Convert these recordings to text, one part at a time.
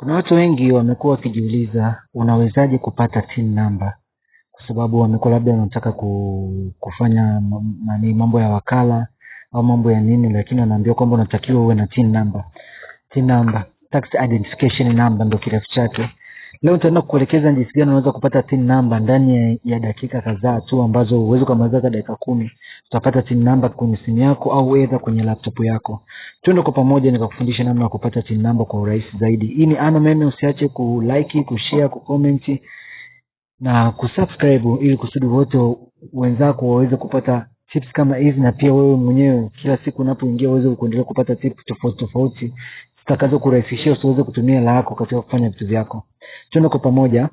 Kuna watu wengi wamekuwa wakijiuliza unawezaje kupata TIN namba, kwa sababu wamekuwa labda wanataka kufanya nani, mambo ya wakala au mambo ya nini, lakini wanaambiwa kwamba unatakiwa uwe na TIN namba. TIN namba, tax identification number ndo kirefu chake. Leo tutaenda kukuelekeza jinsi gani unaweza kupata tin namba ndani ya, ya dakika kadhaa tu ambazo huwezi kumaliza hata dakika kumi. Utapata tin namba kwenye simu yako au edha kwenye laptop yako. Twende kwa pamoja nikakufundisha namna ya kupata tin namba kwa urahisi zaidi. Hii ni Ana Meme, usiache kulike, kushare, kucomment na kusubscribe ili kusudi wote wenzako waweze kupata tips kama hizi, na pia wewe mwenyewe kila siku unapoingia uweze kuendelea kupata tips tofauti tofauti zitakazo kurahisishia usiweze kutumia la yako katika kufanya vitu vyako tuende kwa pamoja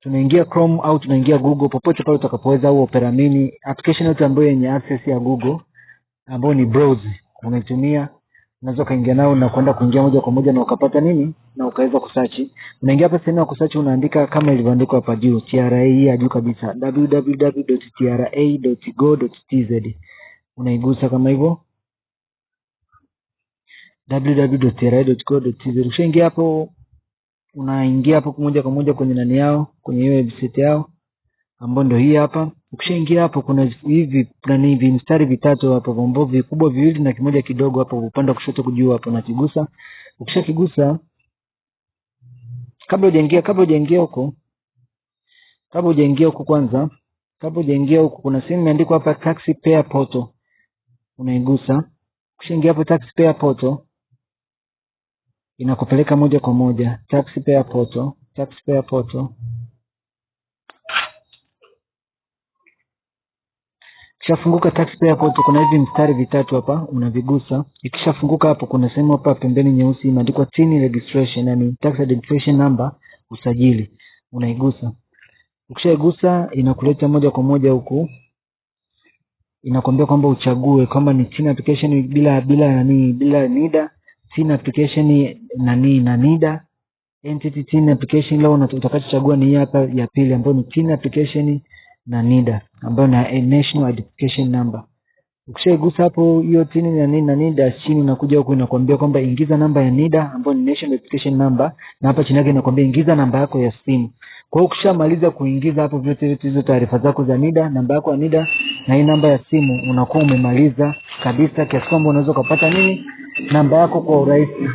tunaingia chrome au tunaingia google popote pale utakapoweza au opera mini application yote ambayo yenye access ya google ambayo ni browse unaitumia unaweza ukaingia nayo na kuenda kuingia moja kwa moja na ukapata nini na ukaweza kusearch unaingia hapa sehemu ya kusearch unaandika kama ilivyoandikwa hapa juu tra ya juu kabisa www.tra.go.tz unaigusa kama hivyo www.tra.go.tz ushaingia hapo unaingia hapo moja kwa moja kwenye nani yao kwenye hiyo website yao ambayo ndio hii hapa ukishaingia hapo kuna hivi nani hivi mstari vitatu hapo vombo vikubwa viwili na kimoja kidogo hapo upande wa kushoto kujuu hapo na kigusa. ukishakigusa kabla hujaingia kabla hujaingia huko kabla hujaingia huko kwanza kabla hujaingia huko kuna sehemu imeandikwa hapa taxi pair portal unaigusa ukishaingia hapo taxi pair portal inakupeleka moja kwa moja taxpayer portal, taxpayer portal. Ikishafunguka taxpayer portal, kuna hivi mstari vitatu hapa unavigusa. Ikishafunguka hapo, kuna sehemu hapa pembeni nyeusi imeandikwa TIN registration, yani tax identification number, usajili, unaigusa. Ukishaigusa inakuleta moja kwa moja huku inakwambia kwamba uchague kwamba ni TIN application bila bila nani bila NIDA Tin application nani na NIDA entity tin application leo utakachochagua ni hii hapa ya pili ambayo ni tin application na NIDA ambayo ni national identification number. Ukishagusa hapo hiyo tin na NIDA, na NIDA chini unakuja huko inakwambia kwamba ingiza namba ya NIDA ambayo ni national identification number, na hapa chini yake inakwambia ingiza namba yako ya simu. Kwa hiyo ukishamaliza kuingiza hapo vyote vyote hizo taarifa zako za NIDA, namba yako ya NIDA na hii namba ya simu, unakuwa umemaliza kabisa, kiasi kwamba unaweza ukapata nini namba yako kwa urahisi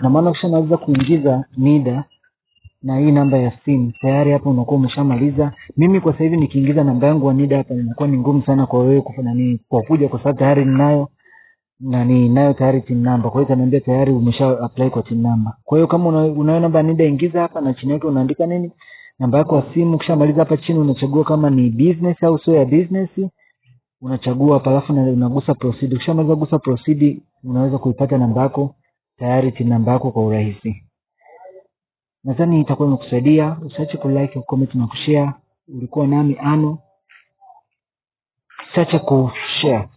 na maana kisha naweza kuingiza NIDA na hii namba ya simu tayari hapo unakuwa umeshamaliza. Mimi kwa sasa hivi nikiingiza namba yangu ya NIDA hapa inakuwa ni ngumu sana kwa wewe kufanya nini, kwa kuja, kwa sababu tayari ninayo na ninayo tayari team namba. Kwa hiyo itaniambia tayari umesha apply kwa team namba. Kwa hiyo kama unayo namba ya NIDA ingiza hapa, na chini yake unaandika nini, namba yako ya simu. Ukishamaliza hapa chini unachagua kama ni business au sio ya business unachagua hapa, alafu unagusa proceed. Ukishamaliza gusa proceed, unaweza kuipata namba yako tayari, TIN namba yako kwa urahisi. Nadhani itakuwa imekusaidia. Usiache ku like, comment na kushare. Ulikuwa nami Ano, usiache kushare.